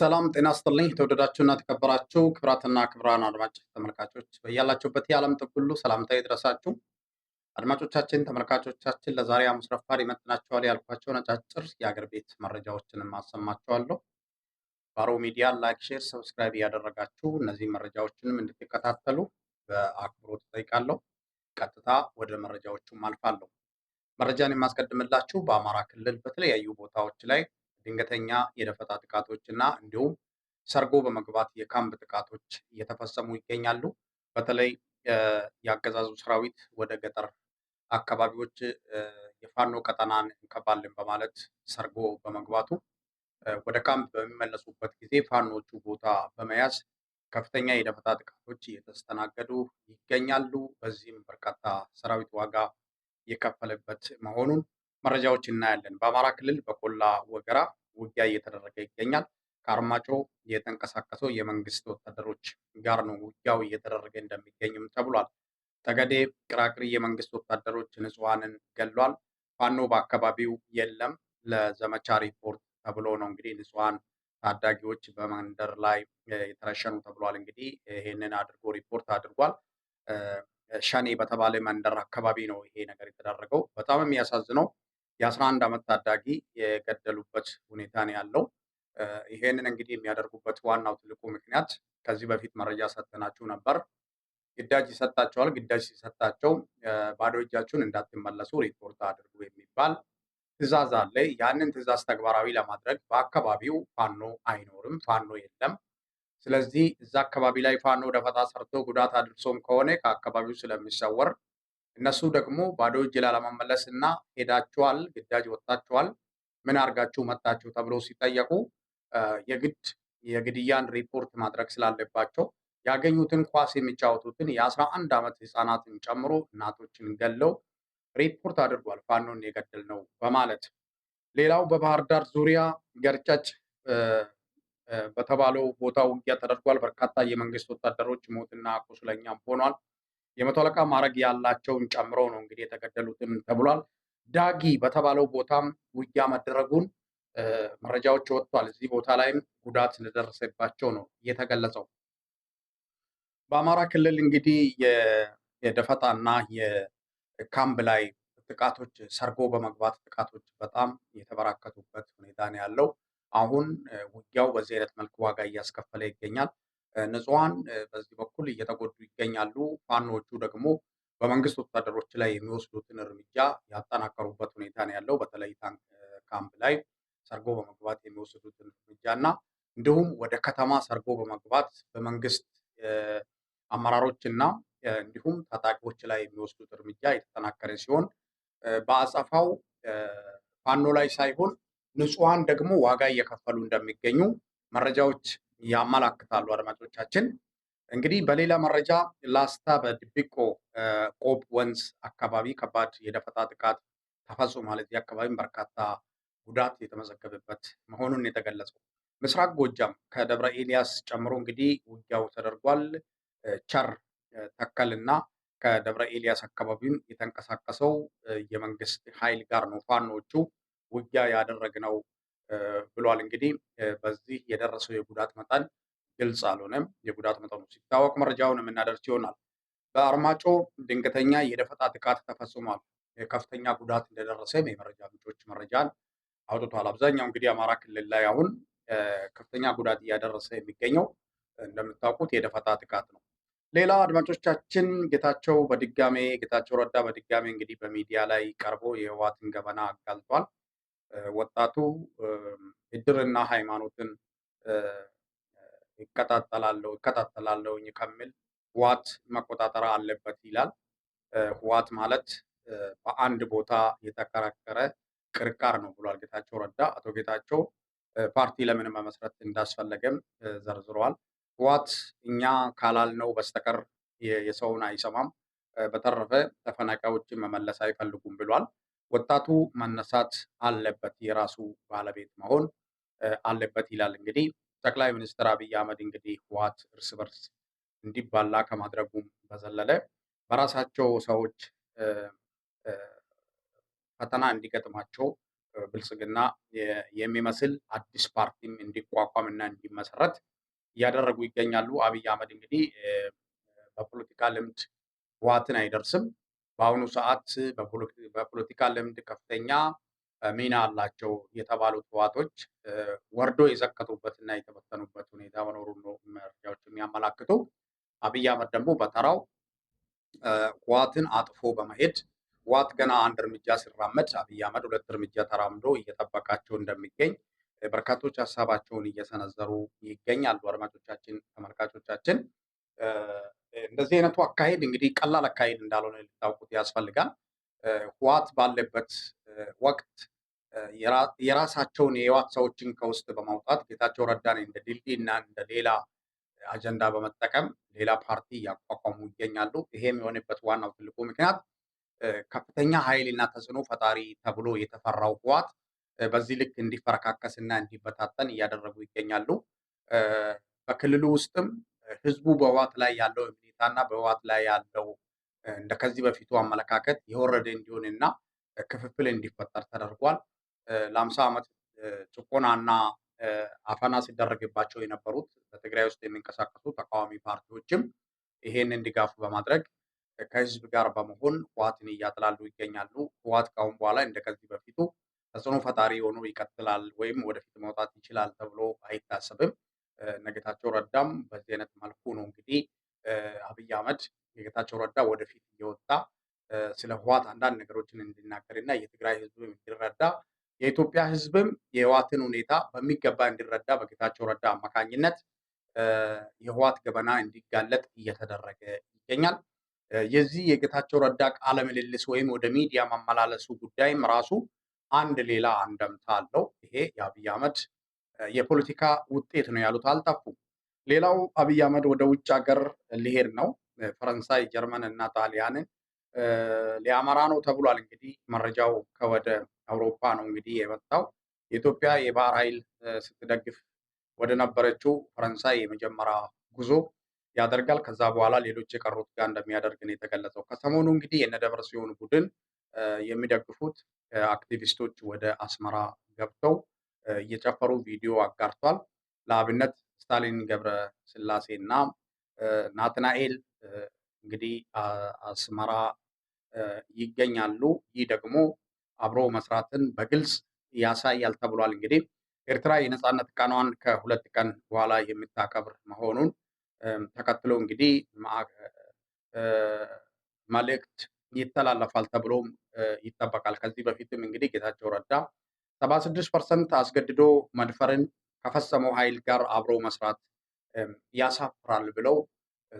ሰላም ጤና ስጥልኝ። የተወደዳችሁና የተከበራችሁ ክብራትና ክብራን አድማጭ ተመልካቾች በያላችሁበት የዓለም ጥግ ሁሉ ሰላምታ ይድረሳችሁ። አድማጮቻችን፣ ተመልካቾቻችን ለዛሬ ሐሙስ ረፋድ ይመጥናችኋል ነጫጭር የአገር ቤት መረጃዎችን አሰማችኋለሁ። ባሮ ሚዲያ ላይክ፣ ሼር፣ ሰብስክራይብ እያደረጋችሁ እነዚህ መረጃዎችንም እንድትከታተሉ በአክብሮት እጠይቃለሁ። ቀጥታ ወደ መረጃዎቹም አልፋለሁ። መረጃን የማስቀድምላችሁ በአማራ ክልል በተለያዩ ቦታዎች ላይ ድንገተኛ የደፈጣ ጥቃቶች እና እንዲሁም ሰርጎ በመግባት የካምፕ ጥቃቶች እየተፈጸሙ ይገኛሉ። በተለይ የአገዛዙ ሰራዊት ወደ ገጠር አካባቢዎች የፋኖ ቀጠናን እንከባለን በማለት ሰርጎ በመግባቱ ወደ ካምፕ በሚመለሱበት ጊዜ ፋኖቹ ቦታ በመያዝ ከፍተኛ የደፈጣ ጥቃቶች እየተስተናገዱ ይገኛሉ። በዚህም በርካታ ሰራዊት ዋጋ የከፈለበት መሆኑን መረጃዎች እናያለን። በአማራ ክልል በቆላ ወገራ ውጊያ እየተደረገ ይገኛል። ከአርማጮ የተንቀሳቀሰው የመንግስት ወታደሮች ጋር ነው ውጊያው እየተደረገ እንደሚገኝም ተብሏል። ጠገዴ ቅራቅሪ የመንግስት ወታደሮች ንጹሐንን ገሏል። ፋኖ በአካባቢው የለም ለዘመቻ ሪፖርት ተብሎ ነው እንግዲህ ንጹሐን ታዳጊዎች በመንደር ላይ የተረሸኑ ተብሏል። እንግዲህ ይህንን አድርጎ ሪፖርት አድርጓል። ሸኔ በተባለ መንደር አካባቢ ነው ይሄ ነገር የተደረገው። በጣም የሚያሳዝነው የ11 ዓመት ታዳጊ የገደሉበት ሁኔታ ነው ያለው። ይሄንን እንግዲህ የሚያደርጉበት ዋናው ትልቁ ምክንያት ከዚህ በፊት መረጃ ሰጥናችሁ ነበር። ግዳጅ ይሰጣቸዋል። ግዳጅ ሲሰጣቸው ባዶ እጃችሁን እንዳትመለሱ ሪፖርት አድርጉ የሚባል ትዕዛዝ አለ። ያንን ትዕዛዝ ተግባራዊ ለማድረግ በአካባቢው ፋኖ አይኖርም፣ ፋኖ የለም። ስለዚህ እዛ አካባቢ ላይ ፋኖ ደፈጣ ሰርቶ ጉዳት አድርሶም ከሆነ ከአካባቢው ስለሚሰወር እነሱ ደግሞ ባዶ እጅ ላለመመለስ እና ሄዳችኋል፣ ግዳጅ ወጥታችኋል፣ ምን አድርጋችሁ መጣችሁ ተብሎ ሲጠየቁ የግድ የግድያን ሪፖርት ማድረግ ስላለባቸው ያገኙትን ኳስ የሚጫወቱትን የአስራ አንድ ዓመት ህፃናትን ጨምሮ እናቶችን ገለው ሪፖርት አድርጓል። ፋኖን የገደል ነው በማለት ሌላው በባህር ዳር ዙሪያ ገርጨጭ በተባለው ቦታ ውጊያ ተደርጓል። በርካታ የመንግስት ወታደሮች ሞትና ቁስለኛም ሆኗል። የመቶ አለቃ ማዕረግ ያላቸውን ጨምሮ ነው እንግዲህ የተገደሉትን ተብሏል። ዳጊ በተባለው ቦታም ውጊያ መደረጉን መረጃዎች ወጥቷል። እዚህ ቦታ ላይም ጉዳት እንደደረሰባቸው ነው የተገለጸው። በአማራ ክልል እንግዲህ እና የካምብ ላይ ጥቃቶች ሰርጎ በመግባት ጥቃቶች በጣም የተበራከቱበት ሁኔታ ነው ያለው። አሁን ውጊያው በዚህ አይነት መልኩ ዋጋ እያስከፈለ ይገኛል። ንጹሐን በዚህ በኩል እየተጎዱ ይገኛሉ። ፋኖቹ ደግሞ በመንግስት ወታደሮች ላይ የሚወስዱትን እርምጃ ያጠናከሩበት ሁኔታ ነው ያለው። በተለይ ታንክ ካምፕ ላይ ሰርጎ በመግባት የሚወስዱትን እርምጃ እና እንዲሁም ወደ ከተማ ሰርጎ በመግባት በመንግስት አመራሮች እና እንዲሁም ታጣቂዎች ላይ የሚወስዱት እርምጃ የተጠናከረ ሲሆን በአጸፋው ፋኖ ላይ ሳይሆን ንጹሐን ደግሞ ዋጋ እየከፈሉ እንደሚገኙ መረጃዎች ያመላክታሉ። አድማጮቻችን እንግዲህ በሌላ መረጃ ላስታ በድቢቆ ቆብ ወንዝ አካባቢ ከባድ የደፈጣ ጥቃት ተፈጽሟል። እዚህ አካባቢም በርካታ ጉዳት የተመዘገበበት መሆኑን የተገለጸው ምስራቅ ጎጃም ከደብረ ኤልያስ ጨምሮ እንግዲህ ውጊያው ተደርጓል። ቸር ተከል እና ከደብረ ኤልያስ አካባቢም የተንቀሳቀሰው የመንግስት ኃይል ጋር ነው ፋኖቹ ውጊያ ያደረግነው ብሏል። እንግዲህ በዚህ የደረሰው የጉዳት መጠን ግልጽ አልሆነም። የጉዳት መጠኑ ሲታወቅ መረጃውን የምናደርስ ይሆናል። በአርማጮ ድንገተኛ የደፈጣ ጥቃት ተፈጽሟል። ከፍተኛ ጉዳት እንደደረሰም የመረጃ ምንጮች መረጃን አውጥቷል። አብዛኛው እንግዲህ አማራ ክልል ላይ አሁን ከፍተኛ ጉዳት እያደረሰ የሚገኘው እንደምታውቁት የደፈጣ ጥቃት ነው። ሌላ አድማጮቻችን ጌታቸው በድጋሜ ጌታቸው ረዳ በድጋሜ እንግዲህ በሚዲያ ላይ ቀርቦ የህወሓትን ገበና አጋልጧል። ወጣቱ እድርና ሃይማኖትን ይከታተላለሁ ይከታተላለሁኝ ከሚል ህዋት መቆጣጠር አለበት ይላል። ህዋት ማለት በአንድ ቦታ የተከራከረ ቅርቃር ነው ብሏል ጌታቸው ረዳ። አቶ ጌታቸው ፓርቲ ለምን መመስረት እንዳስፈለገም ዘርዝረዋል። ህዋት እኛ ካላልነው በስተቀር የሰውን አይሰማም፣ በተረፈ ተፈናቃዮችን መመለስ አይፈልጉም ብሏል። ወጣቱ መነሳት አለበት፣ የራሱ ባለቤት መሆን አለበት ይላል። እንግዲህ ጠቅላይ ሚኒስትር አብይ አህመድ እንግዲህ ህወሓት እርስ በርስ እንዲባላ ከማድረጉም በዘለለ በራሳቸው ሰዎች ፈተና እንዲገጥማቸው ብልጽግና የሚመስል አዲስ ፓርቲም እንዲቋቋም እና እንዲመሰረት እያደረጉ ይገኛሉ። አብይ አህመድ እንግዲህ በፖለቲካ ልምድ ህወሓትን አይደርስም በአሁኑ ሰዓት በፖለቲካ ልምድ ከፍተኛ ሚና አላቸው የተባሉ ህወሓቶች ወርዶ የዘከቱበት እና የተበተኑበት ሁኔታ መኖሩን ነው መረጃዎች የሚያመላክቱ። አብይ አህመድ ደግሞ በተራው ህዋትን አጥፎ በመሄድ ህዋት ገና አንድ እርምጃ ሲራመድ አብይ አህመድ ሁለት እርምጃ ተራምዶ እየጠበቃቸው እንደሚገኝ በርካቶች ሀሳባቸውን እየሰነዘሩ ይገኛሉ። አድማጮቻችን፣ ተመልካቾቻችን እንደዚህ አይነቱ አካሄድ እንግዲህ ቀላል አካሄድ እንዳልሆነ ልታውቁት ያስፈልጋል። ህዋት ባለበት ወቅት የራሳቸውን የህዋት ሰዎችን ከውስጥ በማውጣት ጌታቸው ረዳን እንደ ድልድይ እና እንደ ሌላ አጀንዳ በመጠቀም ሌላ ፓርቲ እያቋቋሙ ይገኛሉ። ይሄም የሆነበት ዋናው ትልቁ ምክንያት ከፍተኛ ኃይል እና ተጽዕኖ ፈጣሪ ተብሎ የተፈራው ህዋት በዚህ ልክ እንዲፈረካከስ እና እንዲበታተን እያደረጉ ይገኛሉ። በክልሉ ውስጥም ህዝቡ በህዋት ላይ ያለው እና በህወሓት ላይ ያለው እንደ ከዚህ በፊቱ አመለካከት የወረደ እንዲሆን እና ክፍፍል እንዲፈጠር ተደርጓል። ለአምሳ ዓመት ጭቆናና አፈና ሲደረግባቸው የነበሩት በትግራይ ውስጥ የሚንቀሳቀሱ ተቃዋሚ ፓርቲዎችም ይሄንን ድጋፍ በማድረግ ከህዝብ ጋር በመሆን ህወሓትን እያጥላሉ ይገኛሉ። ህወሓት ካሁን በኋላ እንደ ከዚህ በፊቱ ተጽዕኖ ፈጣሪ ሆኖ ይቀጥላል ወይም ወደፊት መውጣት ይችላል ተብሎ አይታሰብም። እነ ጌታቸው ረዳም በዚህ አይነት መልኩ ነው እንግዲህ አብይ አህመድ የጌታቸው ረዳ ወደፊት እየወጣ ስለ ህዋት አንዳንድ ነገሮችን እንዲናገር የትግራይ ህዝብም እንዲረዳ የኢትዮጵያ ህዝብም የህዋትን ሁኔታ በሚገባ እንዲረዳ በጌታቸው ረዳ አማካኝነት የህዋት ገበና እንዲጋለጥ እየተደረገ ይገኛል። የዚህ የጌታቸው ረዳ ቃለ ምልልስ ወይም ወደ ሚዲያ ማመላለሱ ጉዳይም ራሱ አንድ ሌላ አንደምታ አለው። ይሄ የአብይ አህመድ የፖለቲካ ውጤት ነው ያሉት አልጠፉም። ሌላው አብይ አህመድ ወደ ውጭ ሀገር ሊሄድ ነው። ፈረንሳይ፣ ጀርመን እና ጣሊያን ሊያመራ ነው ተብሏል። እንግዲህ መረጃው ከወደ አውሮፓ ነው እንግዲህ የመጣው። የኢትዮጵያ የባህር ኃይል ስትደግፍ ወደ ነበረችው ፈረንሳይ የመጀመሪያ ጉዞ ያደርጋል። ከዛ በኋላ ሌሎች የቀሩት ጋር እንደሚያደርግ ነው የተገለጸው። ከሰሞኑ እንግዲህ የነደብረ ሲሆን ቡድን የሚደግፉት አክቲቪስቶች ወደ አስመራ ገብተው እየጨፈሩ ቪዲዮ አጋርቷል። ለአብነት ስታሊን ገብረ ስላሴ እና ናትናኤል እንግዲህ አስመራ ይገኛሉ። ይህ ደግሞ አብሮ መስራትን በግልጽ ያሳያል ተብሏል። እንግዲህ ኤርትራ የነፃነት ቀኗን ከሁለት ቀን በኋላ የምታከብር መሆኑን ተከትሎ እንግዲህ መልእክት ይተላለፋል ተብሎም ይጠበቃል። ከዚህ በፊትም እንግዲህ ጌታቸው ረዳ ሰባ ስድስት ፐርሰንት አስገድዶ መድፈርን ከፈጸመው ኃይል ጋር አብሮ መስራት ያሳፍራል ብለው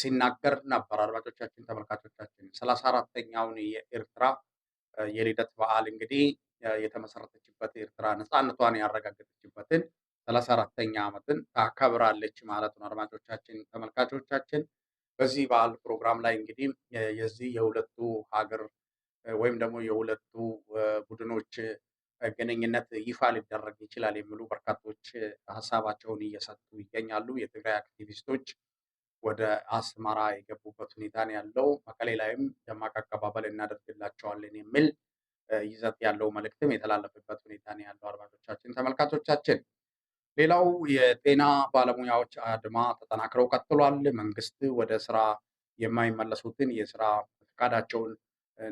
ሲናገር ነበር። አድማጮቻችን፣ ተመልካቾቻችን ሰላሳ አራተኛውን የኤርትራ የልደት በዓል እንግዲህ የተመሰረተችበት ኤርትራ ነፃነቷን ያረጋገጠችበትን ሰላሳ አራተኛ ዓመትን ታከብራለች ማለት ነው። አድማጮቻችን፣ ተመልካቾቻችን በዚህ በዓል ፕሮግራም ላይ እንግዲህ የዚህ የሁለቱ ሀገር ወይም ደግሞ የሁለቱ ቡድኖች ግንኙነት ይፋ ሊደረግ ይችላል የሚሉ በርካቶች ሀሳባቸውን እየሰጡ ይገኛሉ። የትግራይ አክቲቪስቶች ወደ አስመራ የገቡበት ሁኔታ ነው ያለው። መቀሌ ላይም ደማቅ አቀባበል እናደርግላቸዋለን የሚል ይዘት ያለው መልእክትም የተላለፈበት ሁኔታ ነው ያለው። አድማጮቻችን፣ ተመልካቾቻችን ሌላው የጤና ባለሙያዎች አድማ ተጠናክረው ቀጥሏል። መንግስት ወደ ስራ የማይመለሱትን የስራ ፈቃዳቸውን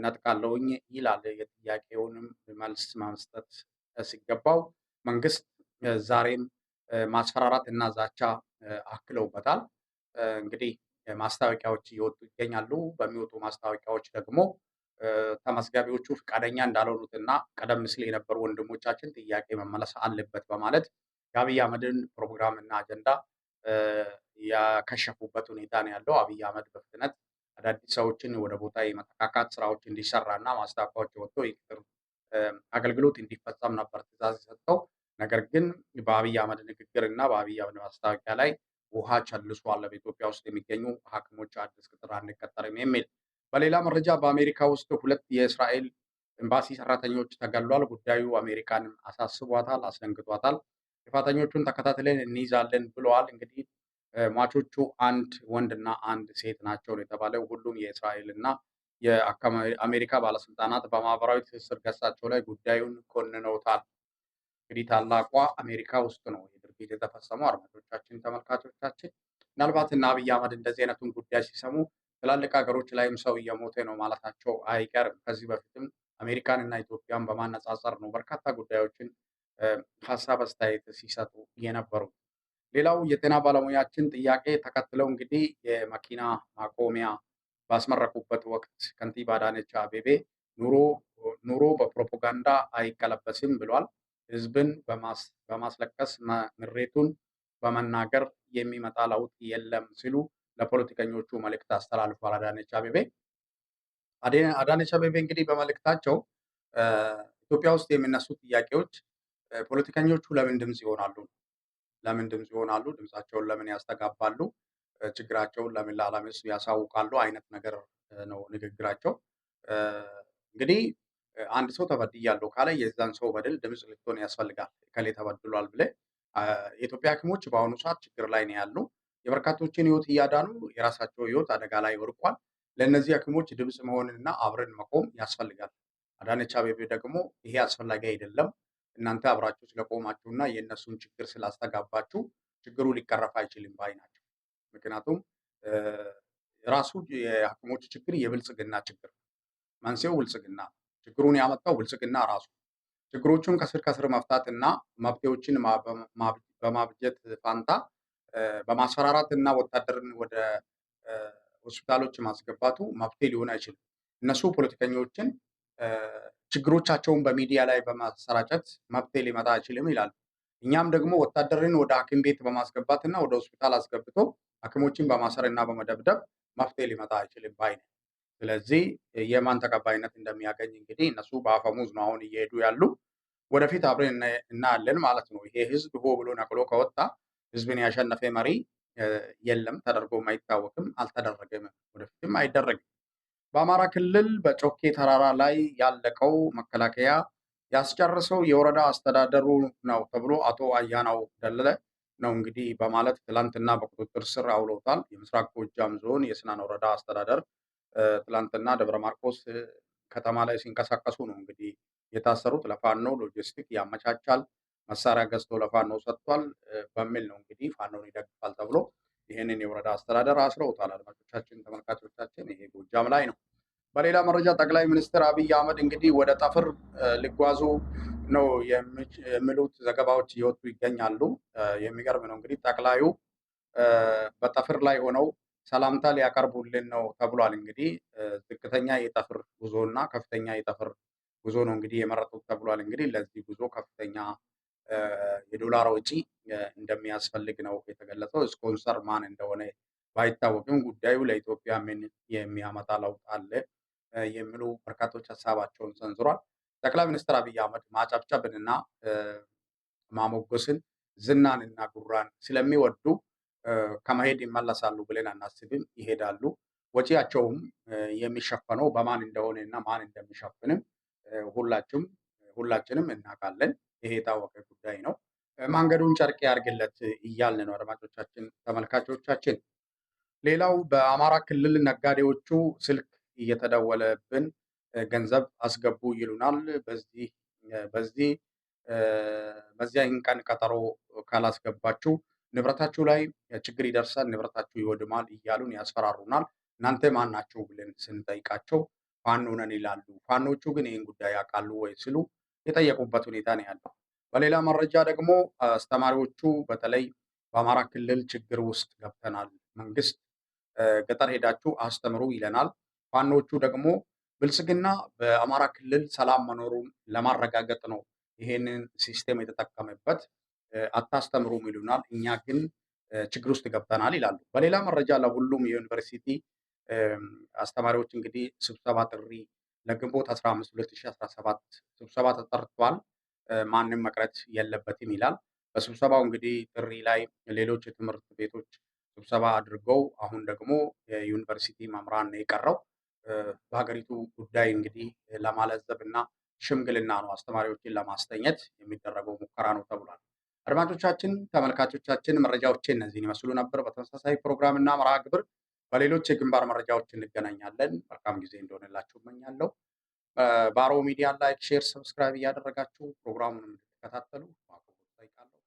ነጥቃለውኝ ይላል። የጥያቄውንም መልስ ማመስጠት ሲገባው መንግስት ዛሬም ማስፈራራት እና ዛቻ አክለውበታል። እንግዲህ ማስታወቂያዎች እየወጡ ይገኛሉ። በሚወጡ ማስታወቂያዎች ደግሞ ተመዝጋቢዎቹ ፈቃደኛ እና ቀደም ሲል የነበሩ ወንድሞቻችን ጥያቄ መመለስ አለበት በማለት የአብይ አህመድን ፕሮግራም እና አጀንዳ ያከሸፉበት ሁኔታ ነው ያለው። አብይ አህመድ በፍጥነት አዳዲስ ሰዎችን ወደ ቦታ የመተካካት ስራዎች እንዲሰራና ማስታወቂያዎች ወጥቶ የቅጥር አገልግሎት እንዲፈጸም ነበር ትእዛዝ የሰጠው። ነገር ግን በአብይ አህመድ ንግግር እና በአብይ አህመድ ማስታወቂያ ላይ ውሃ ቸልሷል፣ በኢትዮጵያ ውስጥ የሚገኙ ሐኪሞች አዲስ ቅጥር አንቀጠርም የሚል። በሌላ መረጃ በአሜሪካ ውስጥ ሁለት የእስራኤል ኤምባሲ ሰራተኞች ተገሏል። ጉዳዩ አሜሪካን አሳስቧታል፣ አስደንግጧታል። ጥፋተኞቹን ተከታትለን እንይዛለን ብለዋል። እንግዲህ ሟቾቹ አንድ ወንድና አንድ ሴት ናቸው የተባለው ሁሉም የእስራኤልና የአሜሪካ ባለስልጣናት በማህበራዊ ትስስር ገጻቸው ላይ ጉዳዩን ኮንነውታል። እንግዲህ ታላቋ አሜሪካ ውስጥ ነው ድርጊት የተፈጸመው። አድማጮቻችን፣ ተመልካቾቻችን ምናልባት እና አብይ አህመድ እንደዚህ አይነቱን ጉዳይ ሲሰሙ ትላልቅ ሀገሮች ላይም ሰው እየሞተ ነው ማለታቸው አይቀርም። ከዚህ በፊትም አሜሪካን እና ኢትዮጵያን በማነጻጸር ነው በርካታ ጉዳዮችን ሀሳብ አስተያየት ሲሰጡ የነበሩት። ሌላው የጤና ባለሙያችን ጥያቄ ተከትለው እንግዲህ የመኪና ማቆሚያ ባስመረቁበት ወቅት ከንቲባ አዳነች አቤቤ ኑሮ በፕሮፓጋንዳ አይቀለበስም ብሏል። ህዝብን በማስለቀስ ምሬቱን በመናገር የሚመጣ ለውጥ የለም ሲሉ ለፖለቲከኞቹ መልእክት አስተላልፏል። አዳነች አቤቤ አዳነች አቤቤ እንግዲህ በመልእክታቸው ኢትዮጵያ ውስጥ የሚነሱ ጥያቄዎች ፖለቲከኞቹ ለምን ድምፅ ይሆናሉ? ለምን ድምፅ ይሆናሉ? ድምፃቸውን ለምን ያስተጋባሉ? ችግራቸውን ለምን ለዓለም ያሳውቃሉ? አይነት ነገር ነው ንግግራቸው። እንግዲህ አንድ ሰው ተበድያለሁ ካለ የዛን ሰው በደል ድምፅ ልትሆን ያስፈልጋል። ከሌ ተበድሏል ብለ የኢትዮጵያ ሐኪሞች በአሁኑ ሰዓት ችግር ላይ ነው ያሉ። የበርካቶችን ህይወት እያዳኑ የራሳቸው ህይወት አደጋ ላይ ወድቋል። ለእነዚህ ሐኪሞች ድምፅ መሆንና አብረን መቆም ያስፈልጋል። አዳነች አቤቤ ደግሞ ይሄ አስፈላጊ አይደለም እናንተ አብራችሁ ስለቆማችሁና የእነሱን ችግር ስላስተጋባችሁ ችግሩ ሊቀረፍ አይችልም ባይ ናቸው። ምክንያቱም ራሱ የሀኪሞች ችግር የብልጽግና ችግር ነው። መንስኤው ብልጽግና ችግሩን ያመጣው ብልጽግና ራሱ ችግሮቹን ከስር ከስር መፍታት እና መብቴዎችን በማብጀት ፋንታ በማስፈራራት እና ወታደርን ወደ ሆስፒታሎች ማስገባቱ መፍትሄ ሊሆን አይችልም። እነሱ ፖለቲከኞችን ችግሮቻቸውን በሚዲያ ላይ በማሰራጨት መፍትሄ ሊመጣ አይችልም ይላሉ። እኛም ደግሞ ወታደርን ወደ ሐኪም ቤት በማስገባት እና ወደ ሆስፒታል አስገብቶ ሐኪሞችን በማሰር እና በመደብደብ መፍትሄ ሊመጣ አይችልም ባይ ነው። ስለዚህ የማን ተቀባይነት እንደሚያገኝ እንግዲህ እነሱ በአፈሙዝ ነው አሁን እየሄዱ ያሉ። ወደፊት አብረን እናያለን ማለት ነው። ይሄ ህዝብ ሆ ብሎ ነቅሎ ከወጣ ህዝብን ያሸነፈ መሪ የለም ተደርጎም አይታወቅም፣ አልተደረገም፣ ወደፊትም አይደረግም። በአማራ ክልል በጮኬ ተራራ ላይ ያለቀው መከላከያ ያስጨርሰው የወረዳ አስተዳደሩ ነው ተብሎ አቶ አያናው ደለለ ነው እንግዲህ በማለት ትላንትና በቁጥጥር ስር አውለውታል። የምስራቅ ጎጃም ዞን የስናን ወረዳ አስተዳደር ትላንትና ደብረ ማርቆስ ከተማ ላይ ሲንቀሳቀሱ ነው እንግዲህ የታሰሩት። ለፋኖ ሎጂስቲክ ያመቻቻል፣ መሳሪያ ገዝቶ ለፋኖ ሰጥቷል በሚል ነው እንግዲህ ፋኖን ይደግፋል ተብሎ ይህንን የወረዳ አስተዳደር አስረውታል። አድማጮቻችን፣ ተመልካቾቻችን ይሄ ጎጃም ላይ ነው። በሌላ መረጃ ጠቅላይ ሚኒስትር አብይ አህመድ እንግዲህ ወደ ጠፍር ሊጓዙ ነው የሚሉት ዘገባዎች እየወጡ ይገኛሉ። የሚገርም ነው እንግዲህ ጠቅላዩ በጠፍር ላይ ሆነው ሰላምታ ሊያቀርቡልን ነው ተብሏል። እንግዲህ ዝቅተኛ የጠፍር ጉዞ እና ከፍተኛ የጠፍር ጉዞ ነው እንግዲህ የመረጡት ተብሏል። እንግዲህ ለዚህ ጉዞ ከፍተኛ የዶላር ወጪ እንደሚያስፈልግ ነው የተገለጸው። ስፖንሰር ማን እንደሆነ ባይታወቅም ጉዳዩ ለኢትዮጵያ ምን የሚያመጣ ለውጥ አለ የሚሉ በርካቶች ሀሳባቸውን ሰንዝሯል። ጠቅላይ ሚኒስትር አብይ አህመድ ማጨብጨብንና ማሞገስን ዝናንና ጉራን ስለሚወዱ ከመሄድ ይመለሳሉ ብለን አናስብም፣ ይሄዳሉ። ወጪያቸውም የሚሸፈነው በማን እንደሆነ እና ማን እንደሚሸፍንም ሁላችንም እናውቃለን። ይሄ የታወቀ ጉዳይ ነው። መንገዱን ጨርቅ ያርግለት እያልን ነው። አድማጮቻችን፣ ተመልካቾቻችን ሌላው በአማራ ክልል ነጋዴዎቹ ስልክ እየተደወለብን ገንዘብ አስገቡ ይሉናል። በዚህ በዚህ በዚያን ቀን ቀጠሮ ካላስገባችሁ ንብረታችሁ ላይ ችግር ይደርሳል፣ ንብረታችሁ ይወድማል እያሉን ያስፈራሩናል። እናንተ ማን ናችሁ ብለን ስንጠይቃቸው ፋኖ ነን ይላሉ። ፋኖቹ ግን ይህን ጉዳይ ያውቃሉ ወይ ስሉ የጠየቁበት ሁኔታ ነው ያለው። በሌላ መረጃ ደግሞ አስተማሪዎቹ በተለይ በአማራ ክልል ችግር ውስጥ ገብተናል፣ መንግስት ገጠር ሄዳችሁ አስተምሩ ይለናል። ፋኖቹ ደግሞ ብልጽግና በአማራ ክልል ሰላም መኖሩን ለማረጋገጥ ነው ይሄንን ሲስቴም የተጠቀመበት፣ አታስተምሩም ይሉናል፣ እኛ ግን ችግር ውስጥ ገብተናል ይላሉ። በሌላ መረጃ ለሁሉም የዩኒቨርሲቲ አስተማሪዎች እንግዲህ ስብሰባ ጥሪ ለግንቦት 15 2017 ስብሰባ ተጠርቷል፣ ማንም መቅረት የለበትም ይላል። በስብሰባው እንግዲህ ጥሪ ላይ ሌሎች የትምህርት ቤቶች ስብሰባ አድርገው አሁን ደግሞ የዩኒቨርሲቲ መምህራን ነው የቀረው። በሀገሪቱ ጉዳይ እንግዲህ ለማለዘብ እና ሽምግልና ነው አስተማሪዎችን ለማስተኘት የሚደረገው ሙከራ ነው ተብሏል። አድማጮቻችን፣ ተመልካቾቻችን መረጃዎች እነዚህን ይመስሉ ነበር። በተመሳሳይ ፕሮግራም እና መርሃ ግብር በሌሎች የግንባር መረጃዎች እንገናኛለን። መልካም ጊዜ እንደሆነላችሁ እመኛለሁ። ባሮ ሚዲያ ላይክ፣ ሼር፣ ሰብስክራይብ እያደረጋችሁ ፕሮግራሙን እንድትከታተሉ ማቆቦ ይቃለሁ።